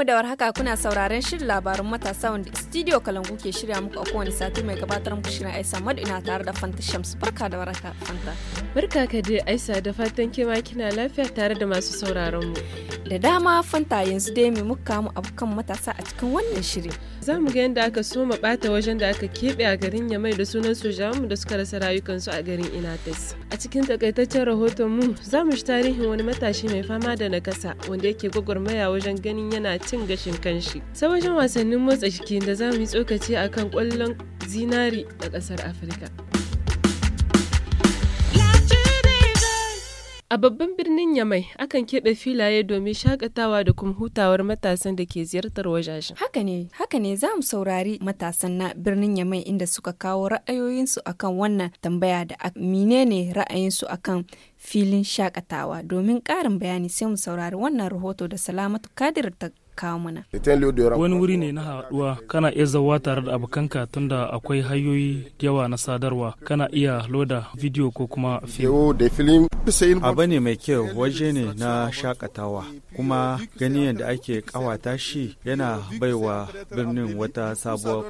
mu da warhaka kuna sauraren shirin labarin matasa wanda studio Kalangu ke shirya muku a kowane sati mai gabatar muku shirin Aisa Mad ina tare da Fanta Shams. Barka da warhaka Fanta. Barka ka dai Aisa da fatan ke kina lafiya tare da masu sauraron mu. Da dama Fanta yanzu dai mai muka mu abokan matasa a cikin wannan shirin. Za mu ga yadda aka soma bata wajen da aka keɓe a garin Yamai da sunan mu da suka rasa rayukansu a garin inatis. A cikin takaitaccen rahoton mu za mu shi tarihin wani matashi mai fama da nakasa wanda yake gwagwarmaya wajen ganin yana cin gashin kanshi. ta wajen wasannin motsa jiki da za mu yi tsokaci a kan ƙwallon zinari a kasar Afirka. A babban birnin Yamai akan keɓe filaye domin shakatawa da kuma hutawar matasan da ke ziyartar wajajen. Haka ne, haka ne za mu saurari matasan na birnin Yamai inda suka kawo ra'ayoyinsu akan wannan tambaya da menene ra'ayinsu akan filin shakatawa. Domin ƙarin bayani sai mu saurari wannan rahoto da Salamatu Kadir ta kawo mana. Wani wuri ne na haɗuwa kana iya zauwa tare da abokanka tunda akwai hanyoyi yawa na sadarwa kana iya loda bidiyo ko kuma film. Abu ne mai kyau waje ne na shakatawa kuma gani yadda ake kawata shi yana baiwa birnin wata sabuwar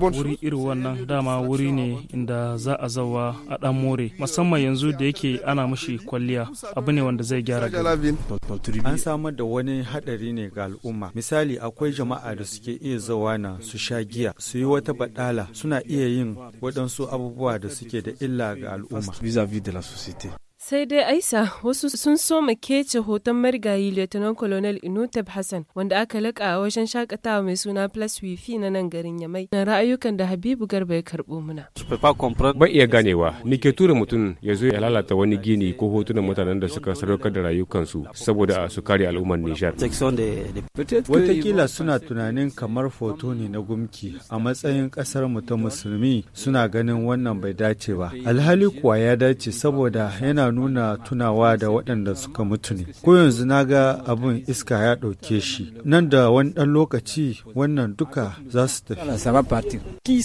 Wuri iri wannan dama wuri ne inda za a zawa a ɗan more musamman yanzu da yake ana mushi kwalliya abu ne wanda zai gyara An samar da wani haɗari ne ga al'umma. Misali akwai jama'a da suke iya zawa na su sha giya, su yi wata baɗala, suna iya yin waɗansu abubuwa da suke da illa ga al'umma. Sai dai Aisa wasu sun soma kece hoton marigayi Lieutenant Colonel Inutab Hassan wanda aka laƙa a wajen shakatawa mai suna Plus Wifi na nan garin Yamai na ra'ayukan da Habibu Garba ya karɓo muna. ban iya ganewa, ni ke tura mutum ya zo ya lalata wani gini ko hotunan mutanen da suka sadaukar da rayukansu saboda su kare al'ummar Nijar. Wataƙila suna tunanin kamar foto ne na gumki a matsayin ƙasar mu ta musulmi suna ganin wannan bai dace ba. Alhali kuwa ya dace saboda yana nuna tunawa da waɗanda suka mutu ne ko yanzu na ga abin iska ya ɗauke shi nan da wani ɗan lokaci wannan duka za su tafi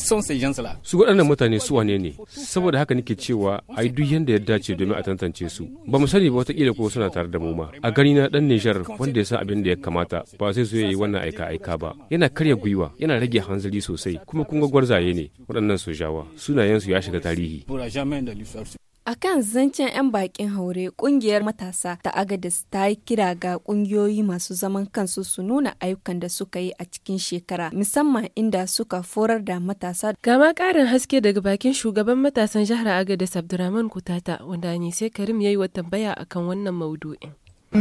su waɗannan mutane su wane ne saboda haka nake cewa a yi duk yadda ya dace domin a tantance su ba mu sani ba watakila ko suna tare da mu ma a gani na ɗan nijar wanda ya san abin da ya kamata ba sai su yi wannan aika aika ba yana karya gwiwa yana rage hanzari sosai kuma kun ga gwarzaye ne waɗannan sojawa sunayensu ya shiga tarihi A kan zancen 'yan bakin haure kungiyar matasa ta Agadis ta yi kira ga kungiyoyi masu zaman kansu su nuna ayyukan da suka yi a cikin shekara musamman inda suka forar da matasa. Gama karin haske daga bakin shugaban matasan jihar Agadis Abdurrahman Kutata wanda sai Karim ya yi wa tambaya akan wannan maudu'in. Eh,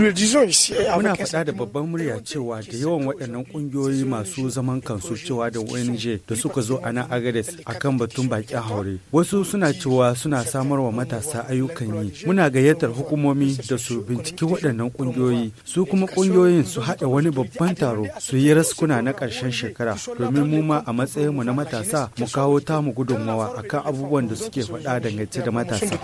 Muna faɗa da babban murya cewa da yawan waɗannan ƙungiyoyi masu zaman kansu cewa da ONG da suka zo ana nan Agades a kan batun baƙin haure. Wasu suna cewa suna samar wa matasa ayyukan yi. Muna gayyatar hukumomi da su binciki waɗannan ƙungiyoyi. Su kuma ƙungiyoyin su haɗa wani babban taro su yi raskuna na ƙarshen shekara domin mu ma a matsayinmu na matasa mu kawo tamu gudunmawa akan abubuwan da suke faɗa dangance da matasa.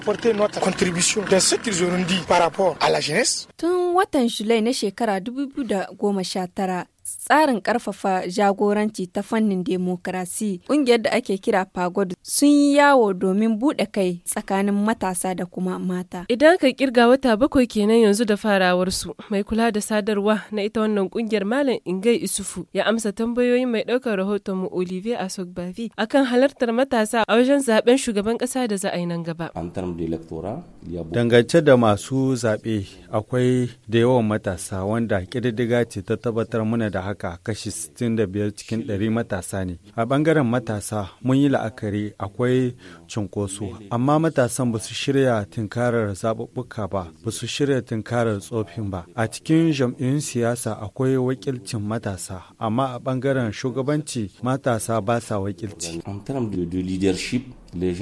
Tun Tun watan Julai na shekara 2019 tsarin karfafa jagoranci ta fannin demokarasi ƙungiyar da ake kira pagod sun yi yawo domin buɗe kai tsakanin matasa da kuma mata idan ka kirga wata bakwai kenan yanzu da farawarsu mai kula da sadarwa na ita wannan ƙungiyar malam ingai isufu ya amsa tambayoyin mai ɗaukar rahoton mu olivier asogbavi akan halartar matasa a wajen zaben shugaban ƙasa da za a yi nan gaba dangance da masu zaɓe akwai da yawan matasa wanda ƙididdiga ce ta tabbatar muna da da haka kashi 65 cikin 100 matasa ne. A bangaren matasa mun yi la'akari akwai cunkoso, amma matasan ba su shirya tunkarar zaɓuɓɓuka ba, ba su shirya tunkarar tsofin ba. A cikin jam'iyyun siyasa akwai wakilcin matasa, amma a ɓangaren shugabanci matasa ba sa wakilci. les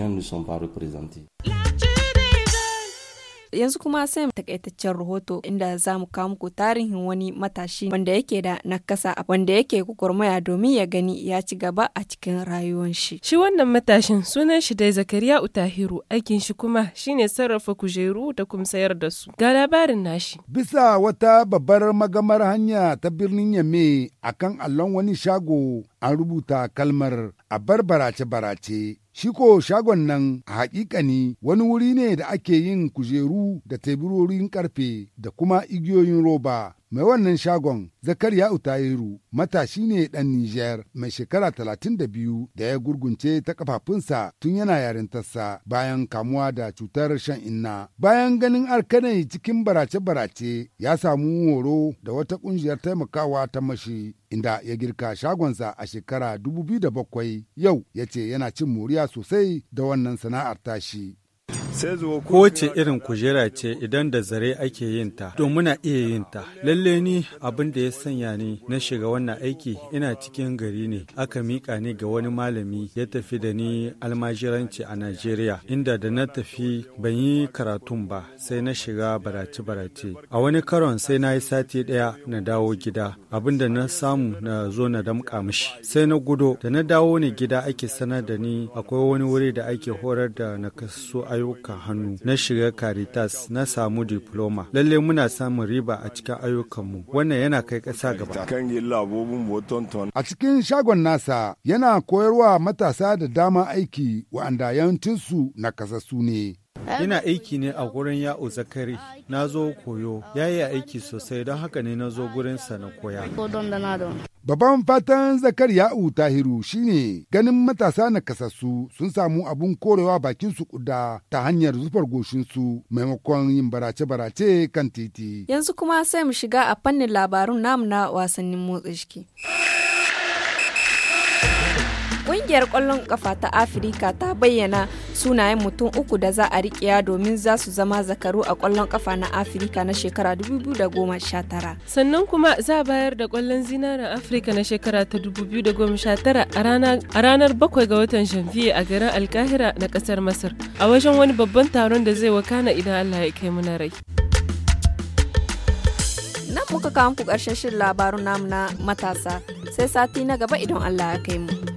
Yanzu kuma sai mu takaitaccen rahoto inda za mu kawo muku tarihin wani matashi wanda yake da nakasa wanda yake gwagwarmaya domin ya gani ya ci gaba a cikin rayuwar shi. Shi wannan matashin sunan shi dai Zakariya Utahiru aikin shi kuma shine sarrafa kujeru da kuma sayar da su. Ga labarin nashi. Bisa wata babbar magamar hanya ta birnin Yame akan allon wani shago an rubuta kalmar a bar barace-barace shiko shagon nan a hakikani wani wuri ne da ake yin kujeru da teburorin karfe da kuma igiyoyin roba Mai wannan shagon Zakariya Utayiru matashi ne ɗan Nijar mai shekara 32 da ya gurgunce ta kafafunsa tun yana yarintarsa bayan kamuwa da cutar shan inna. Bayan ganin alkanai cikin barace-barace ya samu horo da wata ƙungiyar taimakawa ta mashi inda ya girka shagonsa a shekara 2007 yau ya ce yana cin moriya sosai da wannan sana'ar tashi. Kowace irin kujera ce idan da zare ake yin ta, to muna iya yin ta. Lalle ni abin da ya sanya ni na shiga wannan aiki ina cikin gari ne, aka mika ni ga wani malami ya tafi da ni almajiranci a Najeriya, inda da na tafi ban yi karatun ba sai na shiga barace-barace. A wani karon sai na yi sati daya na dawo gida, abin da na samu na zo na damƙa mishi. Sai na gudo, da na dawo ne gida ake sanar da ni akwai wani wuri da ake horar da na kasu ayyuka ayyukan hannu na shiga caritas na samu diploma lalle muna samun riba a cikin ayyukanmu wannan yana kai ƙasa gaba a cikin shagon nasa yana koyarwa matasa da dama aiki wa'anda yawancinsu na kasassu ne Ina aiki ne a gurin ya'u zakari, na zo koyo, ya yi aiki sosai don haka ne na zo gurin sa na koya. Babban fatan zakar ya'u Tahiru shine ganin matasa na kasassu sun samu abun korewa bakin su kuda ta hanyar zufar goshin su maimakon yin barace-barace kan titi. Yanzu kuma sai mu shiga a fannin labarun namu na wasannin motsa jiki. Ƙungiyar kwallon kafa ta afirika ta bayyana sunayen mutum uku da za a riƙiya domin za su zama zakaru a kwallon kafa na Afirka na shekara 2019. Sannan kuma za a bayar da kwallon zinarin Afirka na shekara ta 2019 a ranar 7 ga watan Janvier a garin Alkahira na kasar Masar a wajen wani babban taron da zai wakana idan Allah ya kai muna rai. Nan muka kawo ku ƙarshen shirin labarun namu na matasa sai sati na gaba idan Allah ya kai mu.